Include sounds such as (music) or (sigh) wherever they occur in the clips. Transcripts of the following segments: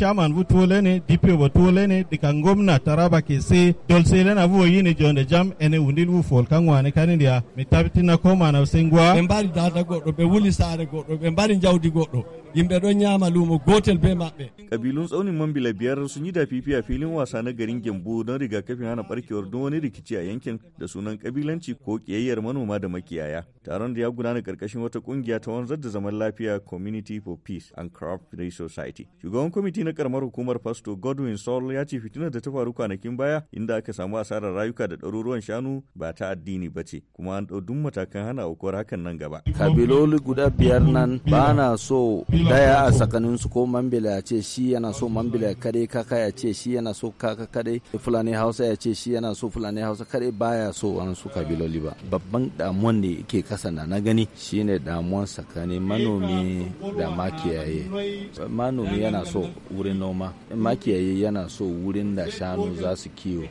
chairman bu tuwole ne DPO ba tuwole ne dika ngomna taraba ke se dolsele na vuo yini jonde jam ene wundi bu fol kangwane kanindia mi na koma na sengwa ɓe mbari dada goɗɗo ɓe wuli sare goɗɗo ɓe mbari jawdi goɗɗo yimɓe ɗon nyama lumo gotel be maɓɓe kabilun tsaunin mambila biyar sun yi da fifi a filin wasa na garin gembu don rigakafin hana barkewar don wani rikici a yankin da sunan kabilanci ko kiyayyar manoma da makiyaya taron da ya gudana karkashin wata kungiya ta wanzar da zaman lafiya community for peace and crop society shugaban kwamiti na na karamar hukumar Pastor Godwin Saul ya ce fitinar da ta faru kwanakin baya inda aka samu asarar rayuka da ɗaruruwan shanu ba ta addini ba ce kuma an ɗau duk matakan hana aukuwar hakan nan gaba. Kabiloli guda biyar nan ba na so daya a tsakanin su ko Mambila ya ce shi yana so Mambila ya kare kaka ya ce shi yana so kaka kare Fulani Hausa ya ce shi yana so Fulani Hausa kare baya so wani su kabiloli ba. Babban damuwan ne ke kasa na na gani shine damuwan tsakanin manomi da makiyaye. Manomi yana so wurin noma makiyayi yana so wurin da shanu za su kiwo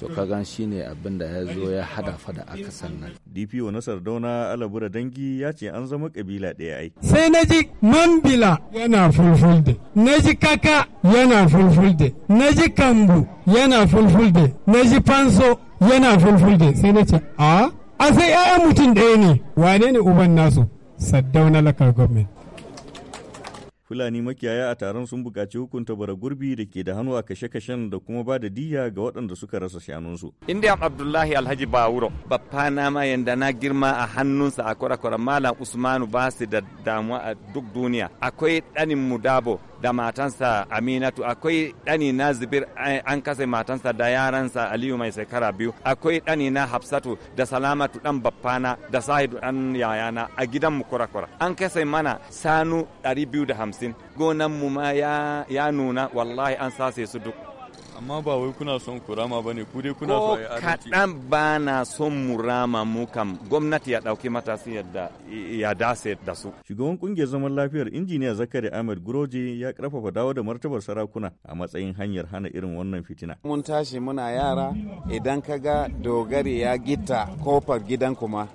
to kagan shine abin da ya zo ya hada fada a kasan nan dpo na sardauna alabura dangi ya ce an zama kabila ɗaya ai sai na ji mambila yana fulfulde na ji kaka yana fulfulde na ji kambu yana fulfulde na ji fanso yana fulfulde sai na ce a ah, a sai 'ya'yan mutum ɗaya ne wane ne uban nasu saddauna lakar gwamnati Fulani makiyaya a taron sun buƙaci hukunta bara gurbi da ke da hannu a kashe-kashen da kuma ba da diya ga waɗanda suka rasa shanunsu. ya Abdullahi Alhaji Bawuro, babba na ma yanda na girma a hannunsa a kwarakwara Malam Usmanu ba su da damuwa a duk duniya. Akwai ɗanin Mudabo, da matansa Aminatu akwai ɗani na Zubir an kasa matansa da yaransa Aliyu mai shekara biyu akwai ɗani na Hafsatu da Salamatu dan baffana da Sahidu dan yayana a gidan mu kura an kasa mana sanu biyu da hamsin gonan mu ma ya nuna wallahi an sase su duk amma ba wai kuna son ku rama bane ku dai kuna so ai kaɗan ba na son mu mu kam gwamnati ya ɗauki matasin yadda ya dace da su shugaban kungiyar zaman lafiyar injiniya zakari ahmed guroji ya karfafa dawo da martabar sarakuna a matsayin hanyar hana irin wannan fitina mun tashi muna yara idan ka ga dogari ya gita kofar gidan kuma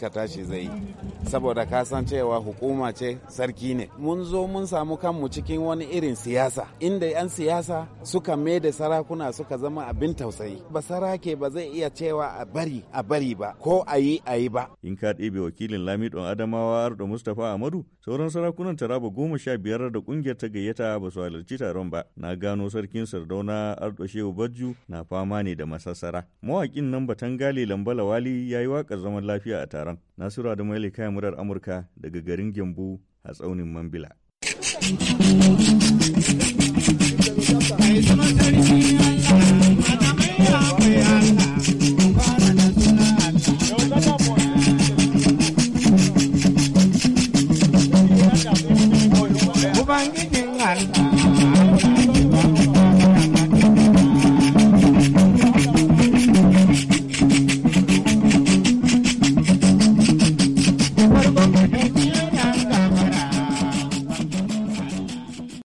ka tashi zai yi saboda ka san cewa hukuma ce sarki ne mun zo mun samu kanmu cikin wani irin siyasa inda 'yan siyasa suka mai da sarakuna suka zama abin tausayi ba sarake ba zai iya cewa a bari a bari ba ko a yi a yi ba in ka ɗebe wakilin lamidon adamawa ardo mustapha amadu sauran sarakunan taraba goma sha biyar da ƙungiyar ta gayyata ba su halarci taron ba na gano sarkin sardauna ardo shehu bajju na fama ne da masassara mawaƙin nan gale lambala wali ya yi waƙar zaman lafiya a taron nasiru da maili kayan murar amurka daga garin gembu a tsaunin mambila (laughs) Thank you.